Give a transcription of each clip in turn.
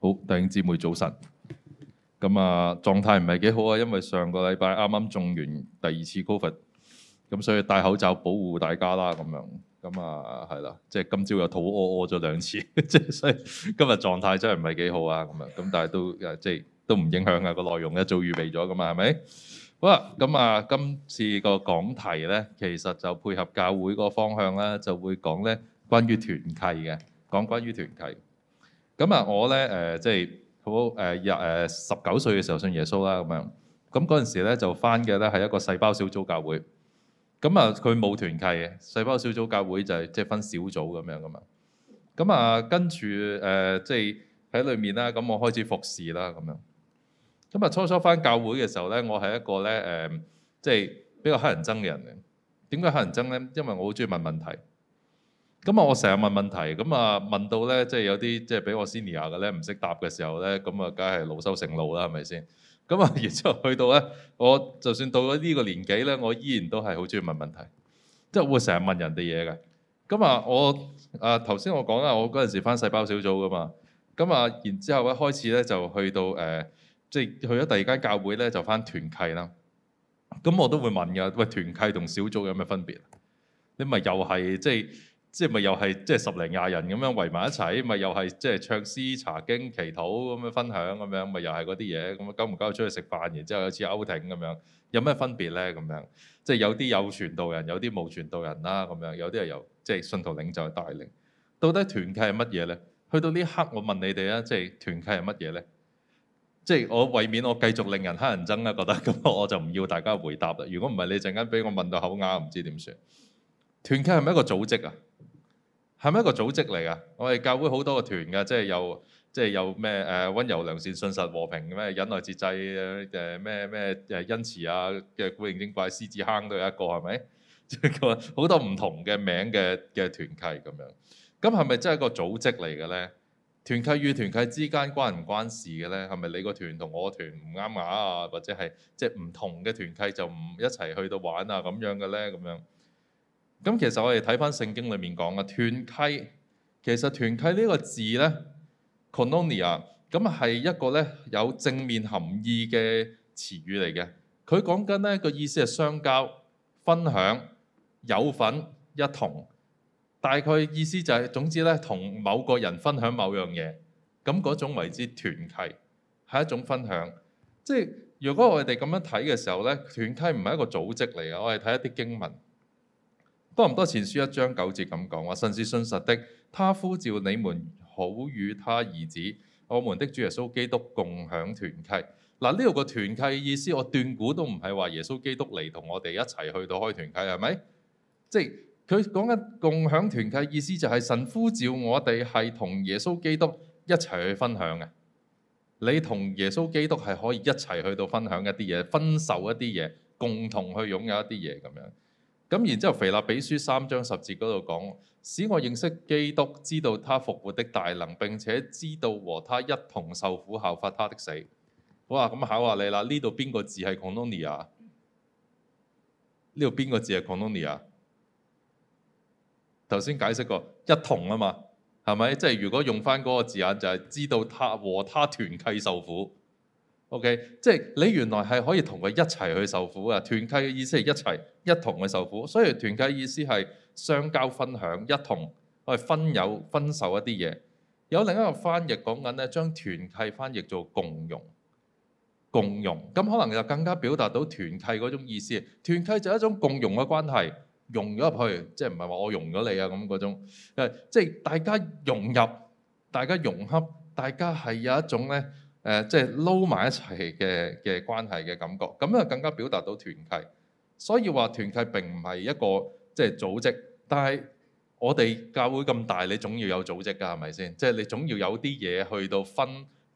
好，弟兄姊妹早晨。咁、嗯、啊，狀態唔係幾好啊，因為上個禮拜啱啱中完第二次 Covid 咁、嗯、所以戴口罩保護大家啦。咁樣，咁、嗯、啊係啦，即係今朝又肚屙屙咗兩次，即係所以今日狀態真係唔係幾好啊。咁樣，咁但係都誒，即係都唔影響啊，個內容一早預備咗噶嘛，係咪？好啦，咁、嗯、啊，今次個講題咧，其實就配合教會個方向啦，就會講咧關於團契嘅，講關於團契。咁啊，我咧誒，即係好誒，入、就、誒、是呃呃、十九歲嘅時候信耶穌啦，咁樣。咁嗰陣時咧就返嘅咧係一個細胞小組教會。咁啊，佢冇團契嘅細胞小組教會就係即係分小組咁樣噶嘛。咁啊，跟住誒，即係喺裏面啦。咁我開始服侍啦，咁樣。咁啊，初初返教會嘅時候咧，我係一個咧誒，即、呃、係、就是、比較乞人憎嘅人嘅。點解乞人憎咧？因為我好中意問問題。咁啊，我成日問問題，咁啊問到咧，即係有啲即係比我 senior 嘅咧，唔識答嘅時候咧，咁啊，梗係惱羞成怒啦，係咪先？咁啊，然之後去到咧，我就算到咗呢個年紀咧，我依然都係好鍾意問問題，即係會成日問人哋嘢㗎。咁啊，我啊頭先我講啊，我嗰陣時返細胞小組㗎嘛，咁啊，然之後一開始咧就去到誒、呃，即係去咗第二間教會咧就返團契啦。咁我都會問㗎，喂，團契同小組有咩分別？你咪又係即係？即係咪又係即係十零廿人咁樣圍埋一齊，咪又係即係唱詩、查經、祈禱咁樣分享咁樣，咪又係嗰啲嘢咁啊，久唔久出去食飯，然之後有次歐庭咁樣，有咩分別咧？咁樣即係有啲有傳道人，有啲無傳道人啦啊。咁樣有啲係由即係信徒領袖去帶領，到底團契係乜嘢咧？去到呢刻，我問你哋啊，即係團契係乜嘢咧？即係我為免我繼續令人乞人憎啊，覺得咁，我就唔要大家回答啦。如果唔係，你陣間俾我問到口啞，唔知點算？團契係咪一個組織啊？係咪一個組織嚟噶？我哋教會好多個團㗎，即係有即係有咩誒温柔良善、信實和平嘅咩忍耐節制誒咩咩誒恩慈啊嘅古靈精怪獅子坑都有一個，係咪？即係好多唔同嘅名嘅嘅團契咁樣。咁係咪真係一個組織嚟嘅咧？團契與團契之間關唔關事嘅咧？係咪你個團同我個團唔啱牙啊？或者係即係唔同嘅團契就唔一齊去到玩啊咁樣嘅咧？咁樣？咁其實我哋睇返聖經裏面講嘅團契，其實團契呢個字咧，cononia，咁係一個咧有正面含義嘅詞語嚟嘅。佢講緊咧個意思係相交、分享、有份、一同，大概意思就係、是、總之咧同某個人分享某樣嘢，咁嗰種為之團契係一種分享。即係如果我哋咁樣睇嘅時候咧，團契唔係一個組織嚟嘅，我哋睇一啲經文。多唔多？前書一章九節咁講話，神是信實的，他呼召你們好與他兒子，我們的主耶穌基督共享團契。嗱、啊，呢度個團契意思，我斷估都唔係話耶穌基督嚟同我哋一齊去到開團契，係咪？即係佢講緊共享團契意思，就係神呼召我哋係同耶穌基督一齊去分享嘅。你同耶穌基督係可以一齊去到分享一啲嘢，分受一啲嘢，共同去擁有一啲嘢咁樣。咁然之後，腓立比書三章十節嗰度講，使我認識基督，知道他復活的大能，並且知道和他一同受苦，效法他的死。好啊，咁、嗯、考下你啦。呢度邊個字係 koinonia 啊？呢度邊個字係 koinonia 啊？頭先解釋過一同啊嘛，係咪？即係如果用翻嗰個字眼，就係、是、知道他和他團契受苦。OK，即係你原來係可以同佢一齊去受苦嘅。團契嘅意思係一齊一同去受苦，所以團契意思係相交分享，一同我哋分有分受一啲嘢。有另一個翻譯講緊咧，將團契翻譯做共融，共融咁可能就更加表達到團契嗰種意思。團契就係一種共融嘅關係，融咗入去，即係唔係話我融咗你啊咁嗰種，即係大家融入、大家融洽，大家係有一種咧。誒、呃、即係撈埋一齊嘅嘅關係嘅感覺，咁樣更加表達到團契。所以話團契並唔係一個即係組織，但係我哋教會咁大，你總要有組織㗎，係咪先？即係你總要有啲嘢去到分。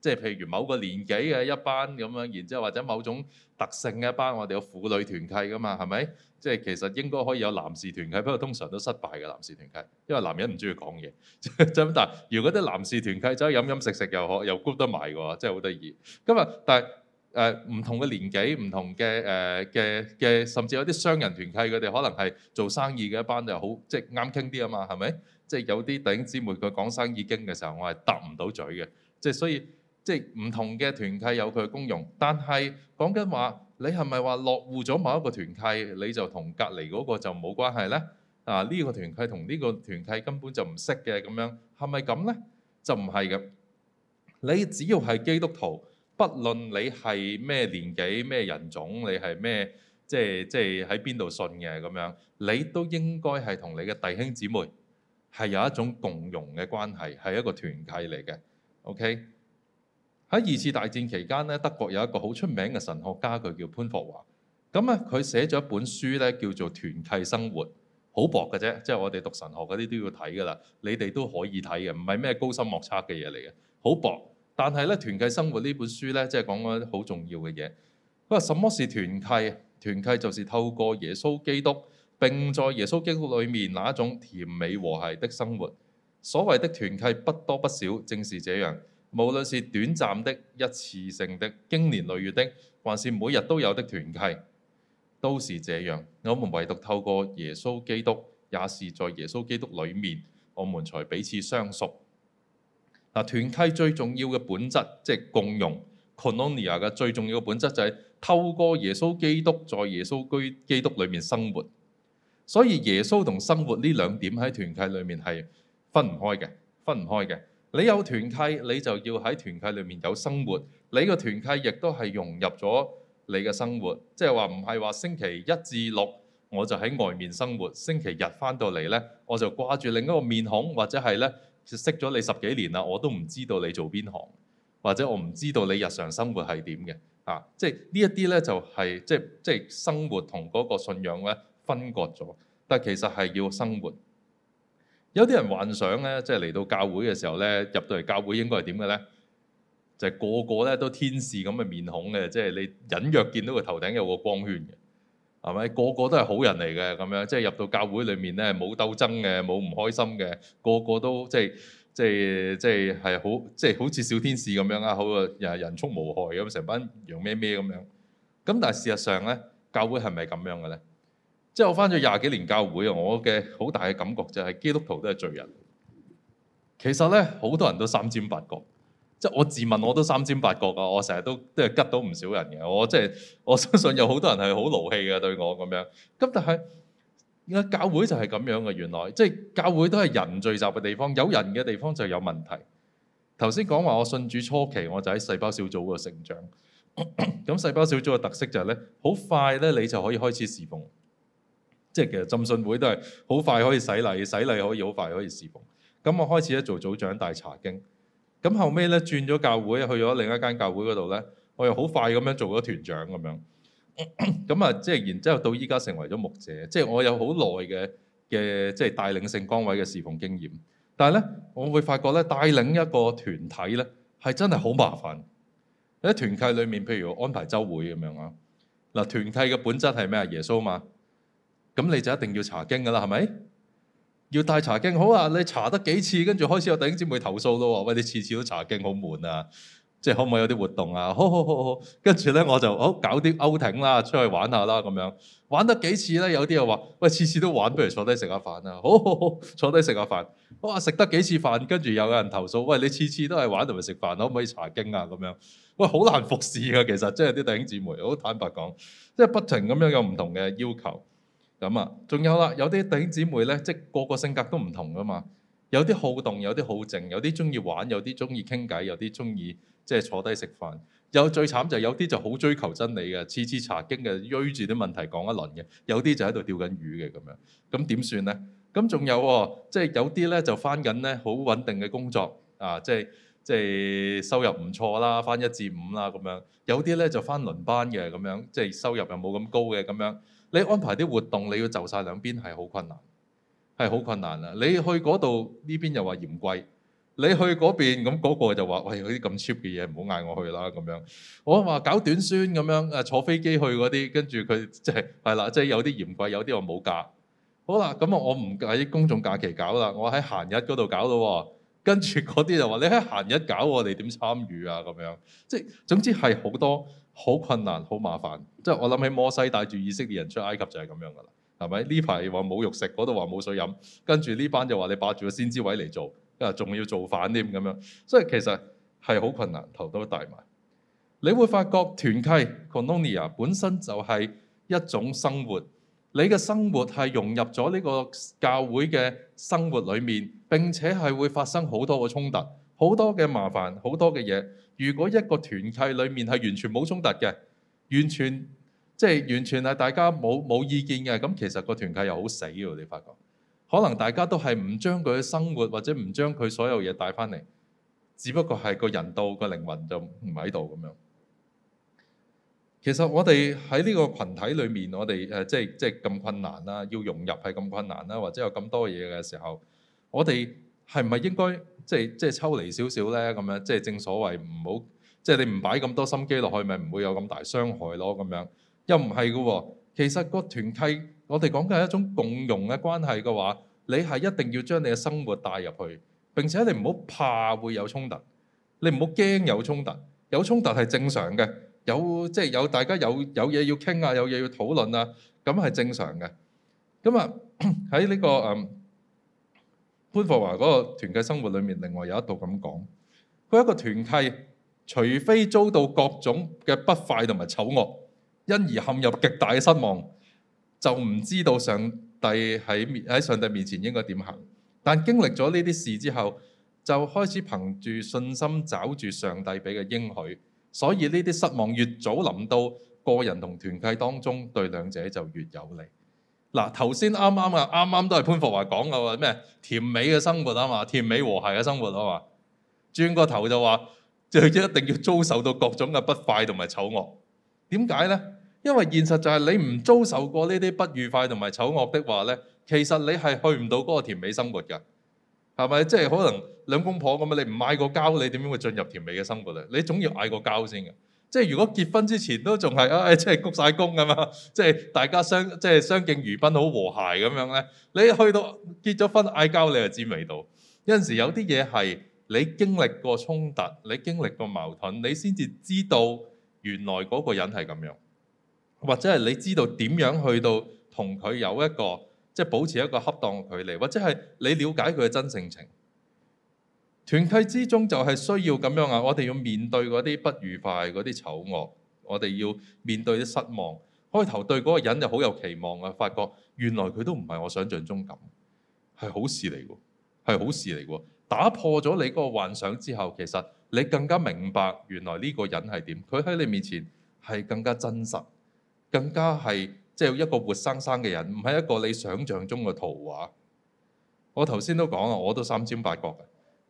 即係譬如某個年紀嘅一班咁樣，然之後或者某種特性嘅一班，我哋有婦女團契噶嘛，係咪？即係其實應該可以有男士團契，不過通常都失敗嘅男士團契，因為男人唔中意講嘢。咁 但係如果啲男士團契走去飲飲食食又可又 group 得埋喎，真係好得意。咁啊，但係誒唔同嘅年紀、唔同嘅誒嘅嘅，甚至有啲商人團契，佢哋可能係做生意嘅一班，就好即係啱傾啲啊嘛，係咪？即係有啲頂姊妹佢講生意經嘅時候，我係揼唔到嘴嘅，即係所以。即係唔同嘅團契有佢嘅功用，但係講緊話，你係咪話落戶咗某一個團契，你就同隔離嗰個就冇關係呢？啊，呢個團契同呢個團契根本就唔識嘅咁樣，係咪咁呢？就唔係嘅。你只要係基督徒，不論你係咩年紀、咩人種，你係咩即係即係喺邊度信嘅咁樣，你都應該係同你嘅弟兄姊妹係有一種共融嘅關係，係一個團契嚟嘅。OK。喺二次大戰期間咧，德國有一個好出名嘅神學家，佢叫潘霍華。咁、嗯、啊，佢寫咗一本書咧，叫做《團契生活》，好薄嘅啫，即係我哋讀神學嗰啲都要睇噶啦，你哋都可以睇嘅，唔係咩高深莫測嘅嘢嚟嘅，好薄。但係咧，《團契生活》呢本書咧，即係講緊好重要嘅嘢。佢話：什麼是團契？團契就是透過耶穌基督，並在耶穌基督裡面那一種甜美和諧的生活。所謂的團契不多不少，正是這樣。無論是短暫的一次性的、經年累月的，還是每日都有的團契，都是這樣。我們唯獨透過耶穌基督，也是在耶穌基督裡面，我們才彼此相熟。嗱，團契最重要嘅本質，即係共融。Koinonia 嘅最重要嘅本質就係透過耶穌基督，在耶穌基督裡面生活。所以耶穌同生活呢兩點喺團契裡面係分唔開嘅，分唔開嘅。你有團契，你就要喺團契裏面有生活。你個團契亦都係融入咗你嘅生活，即係話唔係話星期一至六我就喺外面生活，星期日翻到嚟呢，我就掛住另一個面孔，或者係呢識咗你十幾年啦，我都唔知道你做邊行，或者我唔知道你日常生活係點嘅啊！即係呢一啲呢，就係即係即係生活同嗰個信仰咧分割咗，但其實係要生活。有啲人幻想咧，即係嚟到教會嘅時候咧，入到嚟教會應該係點嘅咧？就係個個咧都天使咁嘅面孔嘅，即係你隱約見到佢頭頂有個光圈嘅，係咪？個個都係好人嚟嘅咁樣，即係入到教會裡面咧冇鬥爭嘅，冇唔開心嘅，個個都即係即係即係係好即係好似小天使咁樣啊，好啊，人人畜無害咁成班羊咩咩咁樣。咁但係事實上咧，教會係咪咁樣嘅咧？即係我翻咗廿幾年教會啊！我嘅好大嘅感覺就係基督徒都係罪人。其實咧，好多人都三尖八角。即係我自問我都三尖八角啊！我成日都都係吉到唔少人嘅。我即係，我相信有好多人係好勞氣嘅對我咁樣。咁但係啊，教會就係咁樣嘅。原來即係教會都係人聚集嘅地方，有人嘅地方就有問題。頭先講話我信主初期，我就喺細胞小組嘅成長。咁細胞小組嘅特色就係咧，好快咧你就可以開始侍奉。即係其實浸信會都係好快可以洗禮，洗禮可以好快可以侍奉。咁我開始咧做組長大查經，咁後尾咧轉咗教會去咗另一間教會嗰度咧，我又好快咁樣做咗團長咁樣。咁啊，即 係然之後到依家成為咗牧者，即係我有好耐嘅嘅即係帶領性崗位嘅侍奉經驗。但係咧，我會發覺咧帶領一個團體咧係真係好麻煩。喺團契裏面，譬如安排週會咁樣啊，嗱，團契嘅本質係咩啊？耶穌嘛。咁你就一定要查經噶啦，係咪？要帶查經好啊！你查得幾次，跟住開始有弟兄姊妹投訴咯。喂，你次次都查經好悶啊！即係可唔可以有啲活動啊？好好好好，跟住咧我就好搞啲歐挺啦，出去玩下啦咁樣。玩得幾次咧？有啲又話：喂，次次都玩，不如坐低食下飯啊！好好好，坐低食下飯。哇，食得幾次飯，跟住又有人投訴：喂，你次次都係玩同埋食飯，可唔可以查經啊？咁樣喂，好難服侍噶，其實，其實即係啲弟兄姊妹好坦白講，即係不停咁樣有唔同嘅要求。咁啊，仲有啦，有啲弟兄姊妹咧，即係個個性格都唔同噶嘛。有啲好動，有啲好靜，有啲中意玩，有啲中意傾偈，有啲中意即係坐低食飯。有最慘就係有啲就好追求真理嘅，次次查經嘅，追住啲問題講一輪嘅。有啲就喺度釣緊魚嘅咁樣。咁點算咧？咁仲有喎，即係有啲咧就返緊咧好穩定嘅工作啊，即係即係收入唔錯啦，返一至五啦咁樣。有啲咧就返輪班嘅咁樣，即係收入又冇咁高嘅咁樣。你安排啲活動，你要就晒兩邊係好困難，係好困難啊，你去嗰度呢邊又話嫌貴，你去嗰邊咁嗰個就話：喂，有啲咁 cheap 嘅嘢唔好嗌我去啦咁樣。我話搞短宣咁樣，誒坐飛機去嗰啲，跟住佢即係係啦，即係有啲嫌貴，有啲話冇假。好啦，咁啊我唔喺公眾假期搞啦，我喺閑日嗰度搞咯。跟住嗰啲就話你喺閑日搞，我哋點參與啊？咁樣即係總之係好多。好困難，好麻煩。即係我諗起摩西帶住以色列人出埃及就係咁樣噶啦，係咪？呢排話冇肉食，嗰度話冇水飲，跟住呢班就話你霸住個先知位嚟做，跟啊，仲要造反添咁樣。所以其實係好困難，頭都大埋。你會發覺團契 koinonia 本身就係一種生活，你嘅生活係融入咗呢個教會嘅生活裏面，並且係會發生好多嘅衝突，好多嘅麻煩，好多嘅嘢。如果一個團契裏面係完全冇衝突嘅，完全即係、就是、完全係大家冇冇意見嘅，咁其實個團契又好死喎！你發覺，可能大家都係唔將佢嘅生活或者唔將佢所有嘢帶翻嚟，只不過係個人道個靈魂就唔喺度咁樣。其實我哋喺呢個群體裏面，我哋誒即係即係咁困難啦，要融入係咁困難啦，或者有咁多嘢嘅時候，我哋係唔係應該？即係即係抽離少少咧，咁樣即係正所謂唔好，即係你唔擺咁多心機落去，咪唔會有咁大傷害咯。咁樣又唔係嘅喎，其實個團契我哋講嘅係一種共融嘅關係嘅話，你係一定要將你嘅生活帶入去，並且你唔好怕會有衝突，你唔好驚有衝突，有衝突係正常嘅，有即係、就是、有大家有有嘢要傾啊，有嘢要討論啊，咁係正常嘅。咁啊喺呢個嗯。潘霍華嗰個團契生活裏面，另外有一度咁講：佢一個團契，除非遭到各種嘅不快同埋醜惡，因而陷入極大嘅失望，就唔知道上帝喺面喺上帝面前應該點行。但經歷咗呢啲事之後，就開始憑住信心找住上帝俾嘅應許。所以呢啲失望越早臨到個人同團契當中，對兩者就越有利。嗱，頭先啱啱啊，啱啱都係潘福華講嘅話，咩甜美嘅生活啊嘛，甜美和諧嘅生活啊嘛，轉個頭就話，就一定要遭受到各種嘅不快同埋醜惡。點解呢？因為現實就係你唔遭受過呢啲不愉快同埋醜惡的話呢，其實你係去唔到嗰個甜美生活㗎。係咪？即係可能兩公婆咁啊，你唔嗌個交，你點樣會進入甜美嘅生活啊？你總要嗌個交先嘅。即係如果結婚之前都仲係，唉、哎，即係鞠晒躬咁樣，即係大家相即係相敬如賓，好和諧咁樣咧。你去到結咗婚嗌交，你就知味道。有陣時有啲嘢係你經歷過衝突，你經歷過矛盾，你先至知道原來嗰個人係咁樣，或者係你知道點樣去到同佢有一個即係保持一個恰當距離，或者係你了解佢嘅真性情。團契之中就係需要咁樣啊！我哋要面對嗰啲不愉快、嗰啲醜惡，我哋要面對啲失望。開頭對嗰個人就好有期望啊，發覺原來佢都唔係我想象中咁，係好事嚟㗎，係好事嚟㗎。打破咗你嗰個幻想之後，其實你更加明白原來呢個人係點。佢喺你面前係更加真實，更加係即係一個活生生嘅人，唔係一個你想象中嘅圖畫。我頭先都講啊，我都三尖八角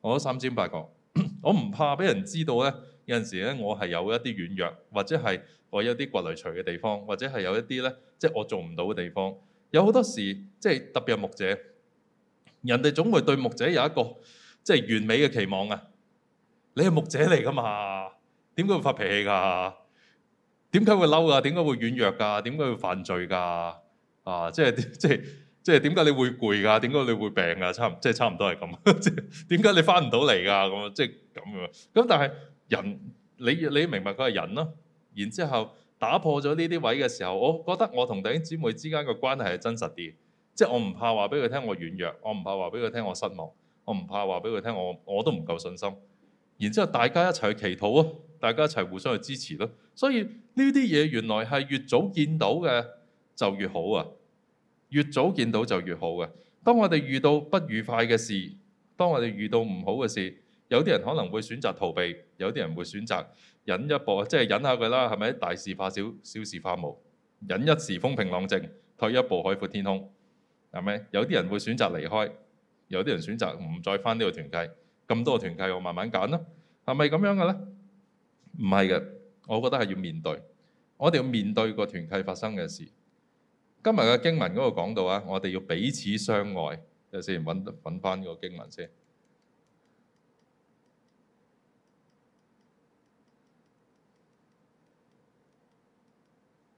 我都三尖八角， 我唔怕俾人知道咧。有陣時咧，我係有一啲軟弱，或者係我有啲掘雷除嘅地方，或者係有一啲咧，即係我做唔到嘅地方。有好多時，即係特別係牧者，人哋總會對牧者有一個即係完美嘅期望啊！你係牧者嚟㗎嘛？點解會發脾氣㗎？點解會嬲㗎？點解會，會軟弱㗎？點解會犯罪㗎？啊！即係即係。 即係點解你會攰噶？點解你會病噶？差即係差唔多係咁。即係點解你返唔到嚟噶？咁即係咁樣。咁 但係人，你你明白佢係人咯，啊。然之後打破咗呢啲位嘅時候，我覺得我同弟兄姊妹之間嘅關係係真實啲。即係我唔怕話俾佢聽我軟弱，我唔怕話俾佢聽我失望，我唔怕話俾佢聽我我都唔夠信心。然之後大家一齊去祈禱咯，大家一齊互相去支持咯。所以呢啲嘢原來係越早見到嘅就越好啊！越早見到就越好嘅。當我哋遇到不愉快嘅事，當我哋遇到唔好嘅事，有啲人可能會選擇逃避，有啲人會選擇忍一步，即係忍下佢啦，係咪？大事化小，小事化無，忍一時風平浪靜，退一步海闊天空，係咪？有啲人會選擇離開，有啲人選擇唔再返呢個團契，咁多個團契我慢慢揀咯，係咪咁樣嘅咧？唔係嘅，我覺得係要面對，我哋要面對個團契發生嘅事。今日嘅經文嗰度講到啊，我哋要彼此相愛。有，先揾揾翻個經文先。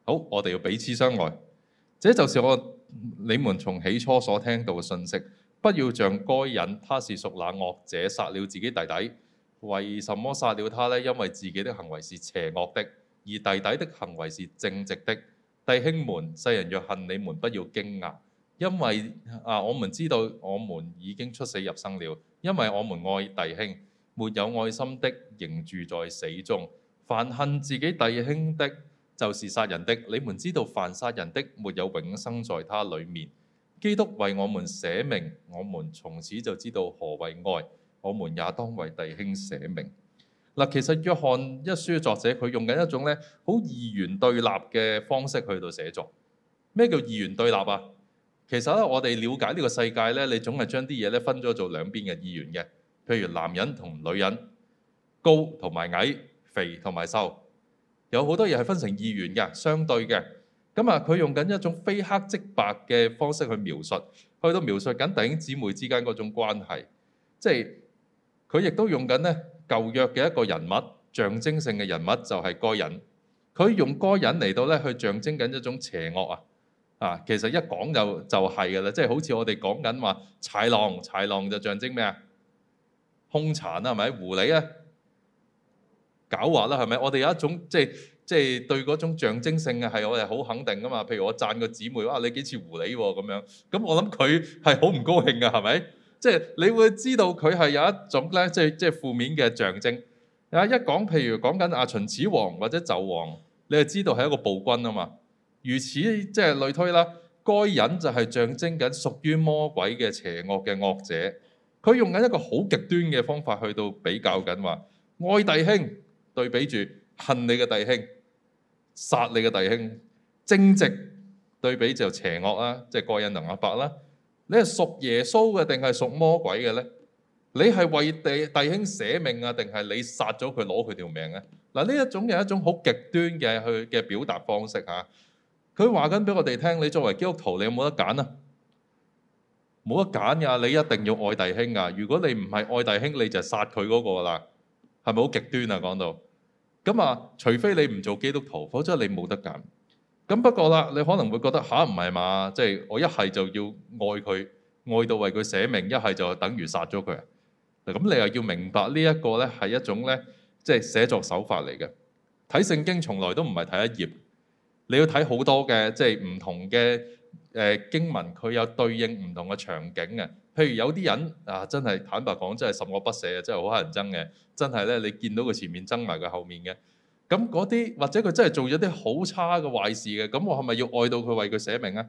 好，我哋要彼此相愛，這就是我你們從起初所聽到嘅信息。不要像該隱，他是屬那惡者，殺了自己弟弟。為什麼殺了他呢？因為自己的行為是邪惡的，而弟弟的行為是正直的。弟兄們，世人若恨你們，不要驚訝，因為啊，我們知道我們已經出死入生了。因為我們愛弟兄，沒有愛心的，仍住在死中。凡恨自己弟兄的，就是殺人的。你們知道凡殺人的，沒有永生在他裡面。基督為我們捨命，我們從此就知道何為愛。我們也當為弟兄捨命。嗱，其實約翰一書嘅作者佢用緊一種咧好二元對立嘅方式去到寫作。咩叫二元對立啊？其實咧，我哋了解呢個世界咧，你總係將啲嘢咧分咗做兩邊嘅二元嘅。譬如男人同女人，高同埋矮，肥同埋瘦，有好多嘢係分成二元嘅、相對嘅。咁啊，佢用緊一種非黑即白嘅方式去描述，去到描述緊弟兄姊妹之間嗰種關係。即係佢亦都用緊咧。舊約嘅一個人物，象徵性嘅人物就係該隱，佢用該隱嚟到咧去象徵緊一種邪惡啊！啊，其實一講就就係噶啦，即係好似我哋講緊話豺狼，豺狼就象徵咩啊？兇殘啦，係咪？狐狸啊？狡猾啦，係咪？我哋有一種即係即係對嗰種象徵性嘅係我哋好肯定噶嘛。譬如我讚個姊妹，哇、啊！你幾似狐狸喎、啊、咁樣，咁、嗯、我諗佢係好唔高興噶，係咪？即係你會知道佢係有一種咧，即係即係負面嘅象徵。啊，一講譬如講緊阿秦始皇或者紂王，你係知道係一個暴君啊嘛。如此即係類推啦，該隱就係象徵緊屬於魔鬼嘅邪惡嘅惡者。佢用緊一個好極端嘅方法去到比較緊，話愛弟兄對比住恨你嘅弟兄，殺你嘅弟兄，正直對比就邪惡啦，即係該隱能亞伯啦。你係屬耶穌嘅定係屬魔鬼嘅咧？你係為弟弟兄捨命啊，定係你殺咗佢攞佢條命咧？嗱，呢一種有一種好極端嘅去嘅表達方式吓。佢話緊俾我哋聽，你作為基督徒，你有冇得揀啊？冇得揀噶，你一定要愛弟兄噶。如果你唔係愛弟兄，你就殺佢嗰個啦。係咪好極端啊？講到咁啊，除非你唔做基督徒，否則你冇得揀。咁不過啦，你可能會覺得，嚇，唔係嘛？即、啊、係、即係、我一係就要愛佢，愛到為佢捨命，一係就等於殺咗佢啊！咁你又要明白呢一個咧係一種咧即係寫作手法嚟嘅。睇聖經從來都唔係睇一頁，你要睇好多嘅即係唔同嘅誒、呃、經文，佢有對應唔同嘅場景嘅。譬如有啲人啊，真係坦白講，真係十惡不赦嘅，真係好乞人憎嘅。真係咧，你見到佢前面憎埋佢後面嘅。咁嗰啲或者佢真係做咗啲好差嘅壞事嘅，咁我係咪要愛到佢為佢寫名啊？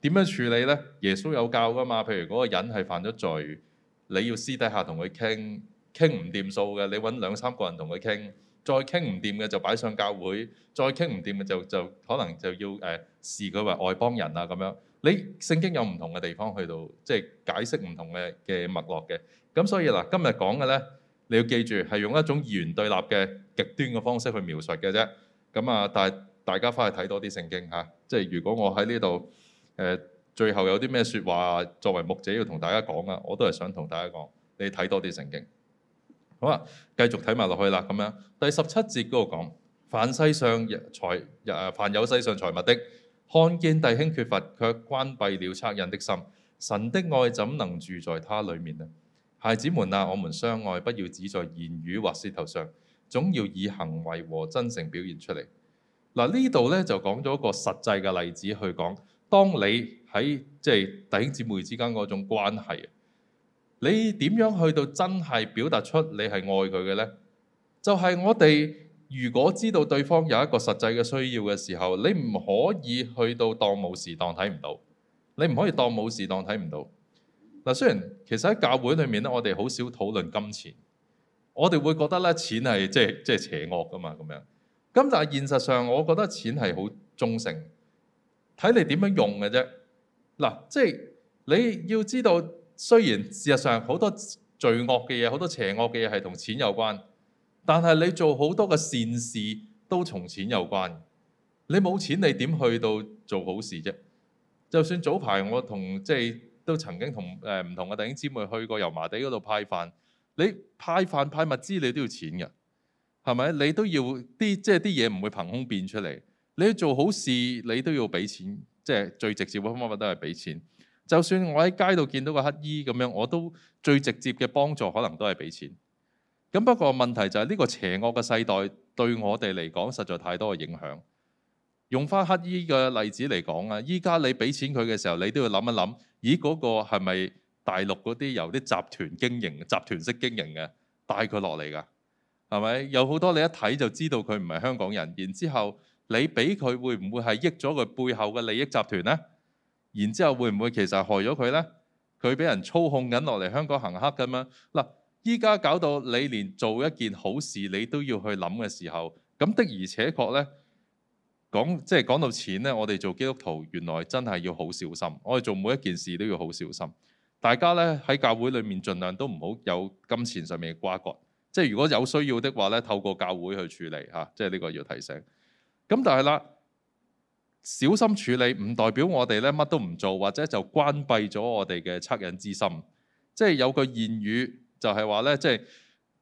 點樣處理呢？耶穌有教㗎嘛？譬如嗰個人係犯咗罪，你要私底下同佢傾，傾唔掂數嘅，你揾兩三個人同佢傾，再傾唔掂嘅就擺上教會，再傾唔掂嘅就就可能就要誒視佢為外邦人啊咁樣。你聖經有唔同嘅地方去到，即係解釋唔同嘅嘅脈絡嘅。咁所以嗱，今日講嘅呢。你要記住，係用一種完全對立嘅極端嘅方式去描述嘅啫。咁啊，但係大家翻去睇多啲聖經嚇。即係如果我喺呢度誒，最後有啲咩説話作為牧者要同大家講啊，我都係想同大家講，你睇多啲聖經。好啊，繼續睇埋落去啦。咁樣第十七節嗰度講，凡世上財啊，凡有世上財物的，看見弟兄缺乏，卻關閉了惻隱的心，神的愛怎能住在他裡面呢？孩子們啊，我們相愛，不要只在言語或舌頭上，總要以行為和真誠表現出嚟。嗱、啊，呢度咧就講咗一個實際嘅例子去講，當你喺即係弟兄姊妹之間嗰種關係，你點樣去到真係表達出你係愛佢嘅呢？就係、是、我哋如果知道對方有一個實際嘅需要嘅時候，你唔可以去到當冇事，當睇唔到，你唔可以當冇事，當睇唔到。嗱，雖然其實喺教會裏面咧，我哋好少討論金錢，我哋會覺得咧錢係即係即係邪惡㗎嘛咁樣。咁但係現實上，我覺得錢係好忠誠，睇你點樣用嘅啫。嗱，即係你要知道，雖然事實上好多罪惡嘅嘢，好多邪惡嘅嘢係同錢有關，但係你做好多嘅善事都同錢有關。你冇錢，你點去到做好事啫？就算早排我同即係。都曾經同誒唔同嘅弟兄姊妹去過油麻地嗰度派飯，你派飯派物資你都要錢嘅，係咪？你都要啲即係啲嘢唔會憑空變出嚟。你做好事你都要俾錢，即係最直接嘅方法都係俾錢。就算我喺街度見到個乞兒咁樣，我都最直接嘅幫助可能都係俾錢。咁不過問題就係呢個邪惡嘅世代對我哋嚟講，實在太多嘅影響。用翻乞衣嘅例子嚟講啊，依家你俾錢佢嘅時候，你都要諗一諗，咦嗰個係咪大陸嗰啲由啲集團經營、集團式經營嘅帶佢落嚟㗎？係咪？有好多你一睇就知道佢唔係香港人。然之後你俾佢會唔會係益咗佢背後嘅利益集團呢？然之後會唔會其實害咗佢呢？佢俾人操控緊落嚟香港行黑咁樣嗱，依家搞到你連做一件好事你都要去諗嘅時候，咁的而且確呢。講，即係講到錢呢，我哋做基督徒原來真係要好小心。我哋做每一件事都要好小心。大家呢，喺教會裏面盡量都唔好有金錢上面嘅瓜葛。即係如果有需要的話呢，透過教會去處理吓，啊，即係呢個要提醒。咁但係啦，小心處理唔代表我哋呢乜都唔做，或者就關閉咗我哋嘅惻隱之心。即係有句諺語就係話呢，即係。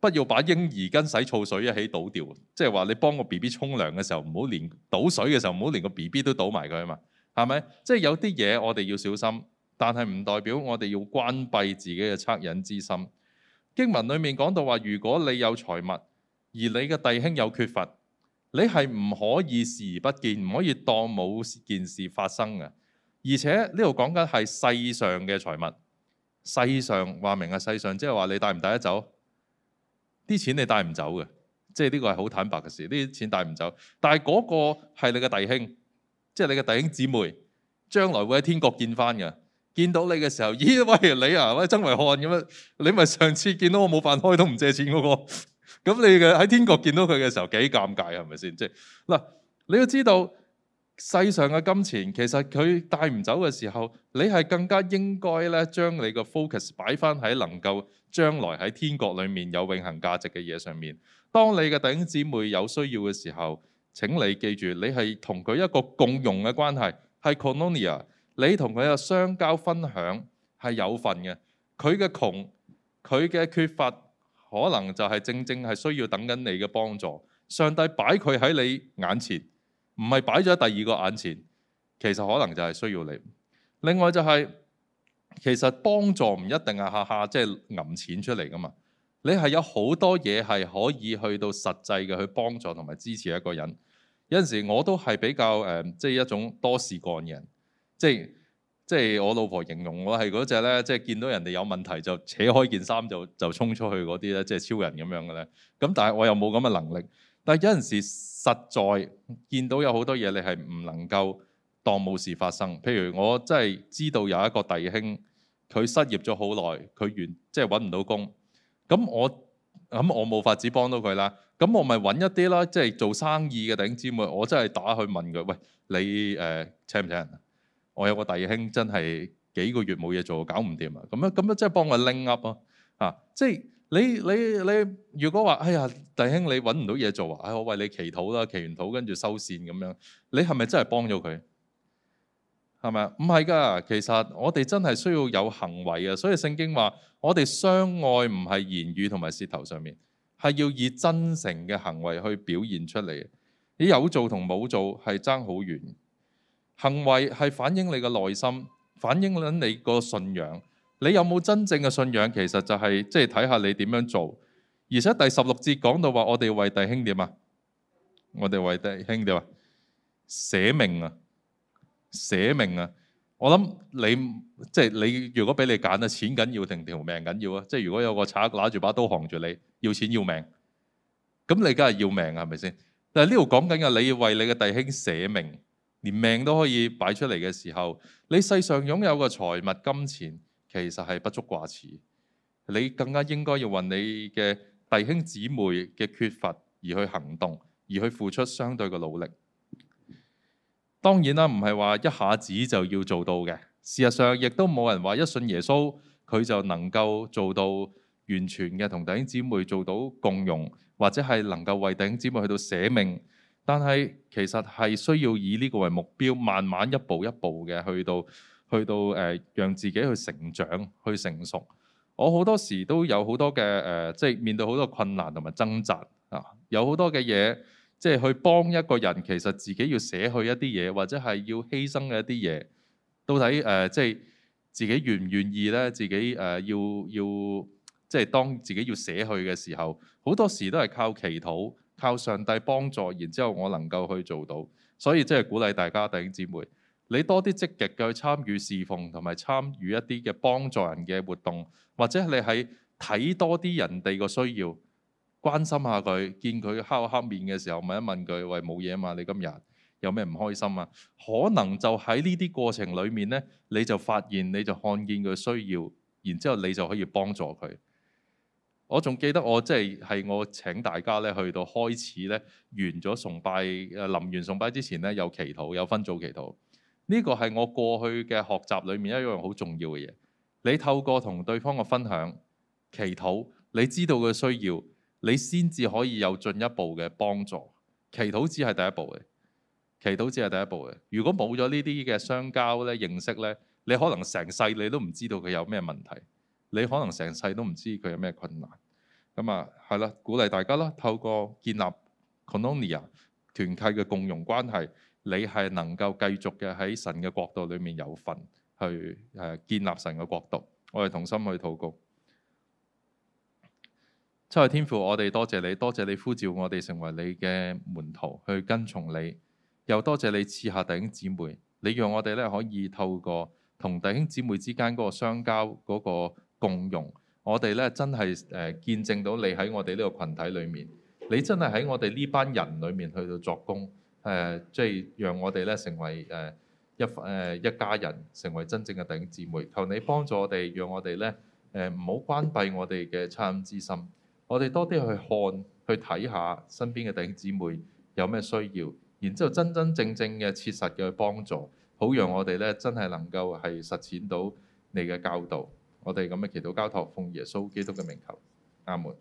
不要把嬰兒跟洗澡水一起倒掉，即係話你幫個 B B 沖涼嘅時候，唔好連倒水嘅時候唔好連個 B B 都倒埋佢啊嘛，係咪？即係有啲嘢我哋要小心，但係唔代表我哋要關閉自己嘅惻隱之心。經文裡面講到話，如果你有財物，而你嘅弟兄有缺乏，你係唔可以視而不見，唔可以當冇件事發生嘅。而且呢度講緊係世上嘅財物，世上話明係世上，即係話你帶唔帶得走？啲錢你帶唔走嘅，即係呢個係好坦白嘅事。啲錢帶唔走，但係嗰個係你嘅弟兄，即係你嘅弟兄姊妹，將來會喺天國見翻嘅。見到你嘅時候，咦喂，你啊，喂曾維漢咁樣，你咪上次見到我冇飯開都唔借錢嗰、嗰個，咁 你嘅喺天國見到佢嘅時候幾尷尬係咪先？即係嗱，你要知道。世上嘅金錢其實佢帶唔走嘅時候，你係更加應該咧將你個 focus 擺翻喺能夠將來喺天國裡面有永恆價值嘅嘢上面。當你嘅弟兄姊妹有需要嘅時候，請你記住，你係同佢一個共融嘅關係，係 colonia，你同佢嘅相交分享係有份嘅。佢嘅窮，佢嘅缺乏，可能就係正正係需要等緊你嘅幫助。上帝擺佢喺你眼前。唔係擺咗喺第二個眼前，其實可能就係需要你。另外就係、是、其實幫助唔一定係下下即係揞錢出嚟噶嘛。你係有好多嘢係可以去到實際嘅去幫助同埋支持一個人。有陣時我都係比較誒，即、呃、係、就是、一種多事干嘅人。即係即係我老婆形容我係嗰隻咧，即係見到人哋有問題就扯開件衫就就衝出去嗰啲咧，即係超人咁樣嘅咧。咁但係我又冇咁嘅能力。但係有陣時，實在見到有好多嘢，你係唔能夠當冇事發生。譬如我真係知道有一個弟兄，佢失業咗好耐，佢完即係揾唔到工。咁我咁我冇法子幫到佢啦。咁我咪揾一啲啦，即係做生意嘅弟兄姊妹。我真係打去問佢：「喂，你誒請唔請人？我有個弟兄真係幾個月冇嘢做，搞唔掂啊！咁樣咁樣即係幫我 link up 啊！啊，即係。你你你，你你如果話哎呀，弟兄你揾唔到嘢做啊，哎我為你祈禱啦，祈完禱跟住收線咁樣，你係咪真係幫咗佢？係咪啊？唔係噶，其實我哋真係需要有行為啊。所以聖經話，我哋相愛唔係言語同埋舌頭上面，係要以真誠嘅行為去表現出嚟。你有做同冇做係爭好遠，行為係反映你嘅內心，反映緊你個信仰。你有冇真正嘅信仰？其實就係即係睇下你點樣做。而且第十六節講到話，我哋為弟兄點啊？我哋為弟兄點啊？捨命啊！捨命啊！我諗你即係你，就是、你如果俾你揀啊，錢緊要定條命緊要啊？即係如果有個賊拿住把刀行住，你要錢要命，咁你梗係要命啊，係咪先？但係呢度講緊嘅，你要為你嘅弟兄捨命，連命都可以擺出嚟嘅時候，你世上擁有嘅財物金錢。其實係不足掛齒，你更加應該要為你嘅弟兄姊妹嘅缺乏而去行動，而去付出相對嘅努力。當然啦，唔係話一下子就要做到嘅。事實上，亦都冇人話一信耶穌佢就能夠做到完全嘅同弟兄姊妹做到共融，或者係能夠為弟兄姊妹去到捨命。但係其實係需要以呢個為目標，慢慢一步一步嘅去到。去到誒、呃，讓自己去成長、去成熟。我好多時都有好多嘅誒、呃，即係面對好多困難同埋掙扎啊！有好多嘅嘢，即係去幫一個人，其實自己要捨去一啲嘢，或者係要犧牲嘅一啲嘢，到底誒、呃、即係自己願唔願意咧？自己誒、呃、要要即係當自己要捨去嘅時候，好多時都係靠祈禱、靠上帝幫助，然之後我能夠去做到。所以即係鼓勵大家弟兄姊妹。你多啲積極嘅去參與侍奉，同埋參與一啲嘅幫助人嘅活動，或者你喺睇多啲人哋嘅需要，關心下佢，見佢黑黑面嘅時候問一問佢：喂，冇嘢啊嘛？你今日有咩唔開心啊？可能就喺呢啲過程裏面呢，你就發現你就看見佢需要，然之後你就可以幫助佢。我仲記得我即係係我請大家咧去到開始咧完咗崇拜誒，臨完崇拜之前咧有祈禱，有分組祈禱。呢個係我過去嘅學習裏面一樣好重要嘅嘢。你透過同對方嘅分享、祈禱，你知道嘅需要，你先至可以有進一步嘅幫助。祈禱只係第一步嘅，祈禱只係第一步嘅。如果冇咗呢啲嘅相交咧、認識咧，你可能成世你都唔知道佢有咩問題，你可能成世都唔知佢有咩困難。咁啊，係啦，鼓勵大家啦，透過建立 communion 團契嘅共融關係。你係能夠繼續嘅喺神嘅國度裏面有份去誒建立神嘅國度，我哋同心去禱告。七位天父，我哋多謝你，多謝你呼召我哋成為你嘅門徒去跟從你，又多謝你賜下弟兄姊妹，你讓我哋咧可以透過同弟兄姊妹之間嗰個相交嗰個共融，我哋咧真係誒見證到你喺我哋呢個群體裏面，你真係喺我哋呢班人裏面去到作工。誒，即係、呃就是、讓我哋咧成為誒一誒一家人，成為真正嘅弟兄姊妹。求你幫助我哋，讓我哋咧誒唔好關閉我哋嘅惻隱之心。我哋多啲去看、去睇下身邊嘅弟兄姊妹有咩需要，然之後真真正正嘅、切實嘅去幫助，好讓我哋咧真係能夠係實踐到你嘅教導。我哋咁樣祈禱交託，奉耶穌基督嘅名求，阿門。